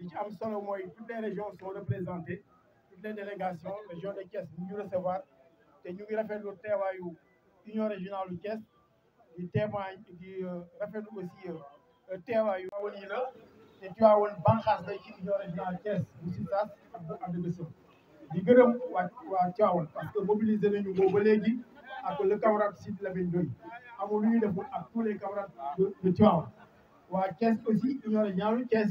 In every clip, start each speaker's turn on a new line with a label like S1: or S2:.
S1: li ci am solo mooy toutes les régions sont représentées toutes les délégations région de Thiès ñu recevoir te ñu ngi rafetlu teewaayu union régionale du Thiès du teewaa di euh, rafetlu aussi euh, euh, teewaayu woon yi la te Tivaouane banqaas union régionale Thiès bu ça ak bu Andu Bessoul di gërëm waa waa parce que mobiliser nañu boobu ba léegi ak le camarades Sidi Lamine Ndoye amul lu ñu deful ak tous les camarades de Tivaouane waa Thiès aussi union régionale Thiès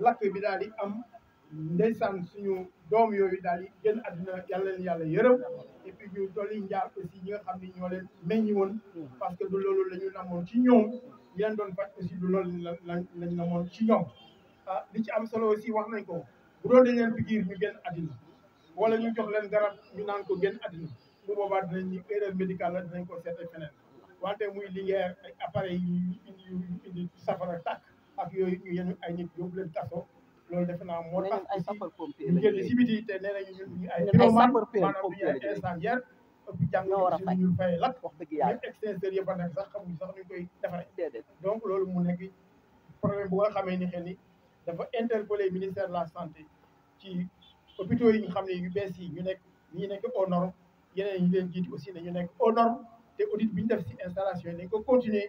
S1: lakk bi daal di am ndeysaan suñu doom yooyu daal i génn àdduna yàlla yàlla yërëm et puis ñu dolli njaar aussi ñi nga xam ne ñoo leen meññi woon parce que du loolu la ñu ci ñoom ñi doon faj aussi du loolu la lañ ci ñoom ah li ci am solo aussi wax nañ ko bu doon dañ leen piqûre ñu génn àdduna wala ñu jox leen garab ñu naan ko génn àdduna bu boobaa dinañ ñu erreur médicale la dinañ ko seete feneen wante muy li ay appareil yu indi safara tàkk ak yooyu ñu yenu ay nit yóbbu leen kaso loolu defe naa moo tax aussi ñu te nee nañu ñun ay pyromane maanaam ñu ay incendiaire jàng ñu fay lakk wax dëgg yàlla extincteur yëpp sax xamuñ sax koy defaree donc loolu mu nekk problème bu nga xamee ni xel ni dafa interpellé ministère la santé ci hôpitaux yi ñu xam ne yu bees yi ñu nekk ñu nekk aux normes yeneen ñu leen jiitu aussi ne ñu nekk o normes te audit bi ñu def si installation yi nañ ko continuer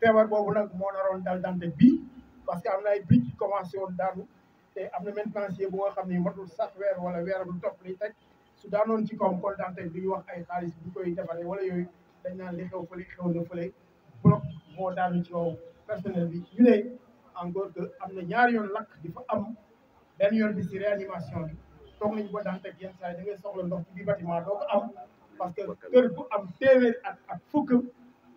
S1: feebar boobu nag moo naroon dal Dante bi parce que am na ay briques commencé woon daanu te am na maintenancier bu nga xam ni matul sax weer wala weeram lu topp lay teg su daanoon ci kawam kon Dante du ñu wax ay xaalis bu koy defaree wala yooyu dañ naan li xew fële xew na fële bloc moo daanu ci kaw personnel bi ñu ne encore que na ñaari yoon lakk di fa am benn yoon bi si réanimation bi toog nañu ba Dante yenn saa yi ngay soxla ndox ci biir bâtiment doo ko am parce que kër bu am téeméeri at ak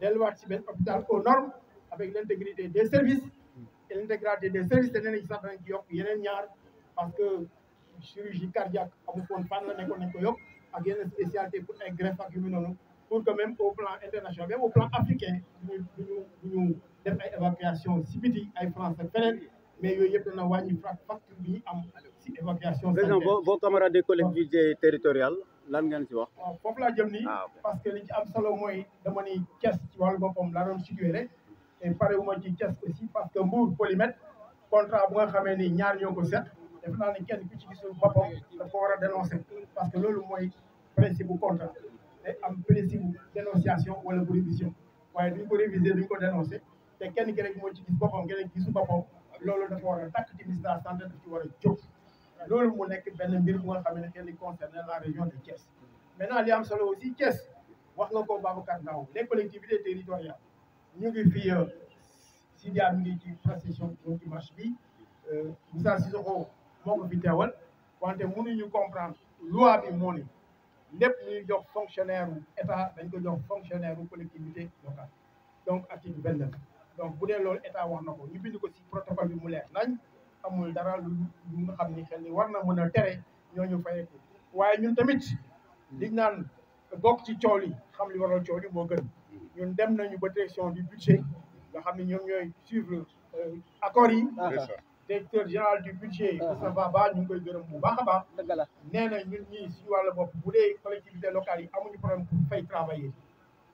S1: delluwaat ci ben hôpital aux normes avec l'intégrité des services et l'intégrité des services cest nee nañ sax danañ ci yokk parce que chirurgie cardiaque amu foon fan la nekkoon nañ ko yok ak spécialité pour un greffe ak pour que même au plan international même au plan africain nous devons def ay évacuation si biti ay français mais il y dana une facture am évacuation président vos camarades du collectivités territorial lan ngeen ci wax. waaw foofu laa jëm nii. Ah, parce que li ci am solo mooy dama ni Thiès ci wàllu boppam la doon situé rek. te pare ci Thiès aussi parce que Mbour Polymètre contrat bu nga xamee ni ñaar ñoo ko set def naa ni kenn ku ci gisul boppam dafa ko war a dénoncer parce que loolu mooy principe contrat day am principe dénonciation wala bu révision waaye duñ ko réviser duñ ko dénoncer te kenn ki rek moo ci gis boppam keneen gisu boppam loolu dafa war a tàkk ci ministère santé daf ci war a jóg loolu mu nekk benn mbir bu nga xam ne kenn concerne la région de Thiès maintenant li am solo aussi Thiès wax nga ko Babacar Ndao les collectivités territoriales ñu ngi fi euh, Sidia mi ngi ci procession ci marche bi euh, Moussa Sissoko moo ko fi teewal wante mënuñu comprendre loi bi moo ne lépp ñuy jox fonctionnaire état dañ ko jox fonctionnaire u collectivité locale donc article benn donc bu dee loolu état wax na ko ñu bind ko ci protocole bi mu leer nañ amul dara lu xam ni xel ni war na mën a tere ñooñu fayeeku waaye ñun tamit liñ naan bokk ci coow li xam ni waral coow li moo gën ñun dem nañu ba direction du budget nga xam ne ñoom ñooy suivre euh, accords yi directeur général du budget ah. Moustapha Ba ñu ngi koy gërëm bu baax a baax nee na ñun ñi suñu wàllu bopp bu dee collectivité locale yi amuñu problème pour fay travailler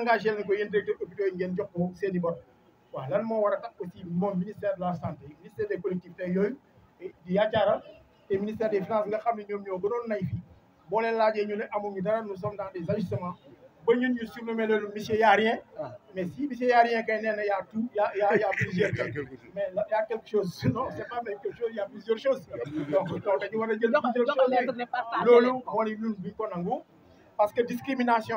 S1: engagé nañ ko directeur de jox ko bor je aussi ministère de la santé ministère des collectivités eh, ministère des finances nous sommes dans des ajustements monsieur ah. mais si monsieur y a rien il y a tout y a plusieurs y a quelque chose non c'est pas quelque chose plusieurs choses donc parce que discrimination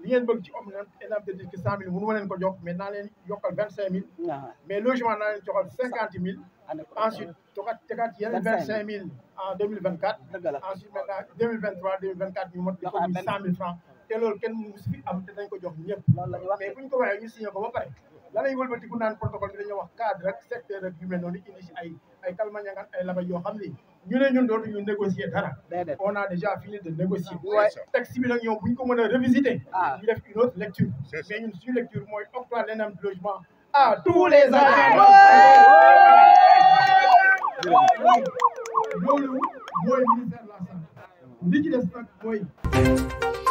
S1: li ngeen bëgg ci omnant exemple de disque cent mille mënu ma leen ko jox mais naa leen yokkal vingt cinq mille ah. mais logement naa leen joxal cinquante mille ah, ensuite tokat tegaat yeneen vingt cinq mille en deux mille vingt quatre ensuite maintenant deux mille vingt trois deux mille vingt quatre ñu mot ko ah, cent mille francs te loolu kenn mënu si fi am te ko jox ñëpp mais bu ñu ko waxee ñu signé ko ba pare lanay wëlbati ku naan protocole bi dañoo wax cadre ak secteur ak yu mel noonu indi si ay ay kalmañangan ay labaj yoo xam ni ñu négocier dara on a déjà fini de négocier texte bi nag ñoom bu ñu ko mën a revisiter ah. ñu def une autre lecture mais ñun suñu lecture mooy octroi l'indemnité de logement à tous les agents loolu mooy ministère de la santé li ci des nag mooy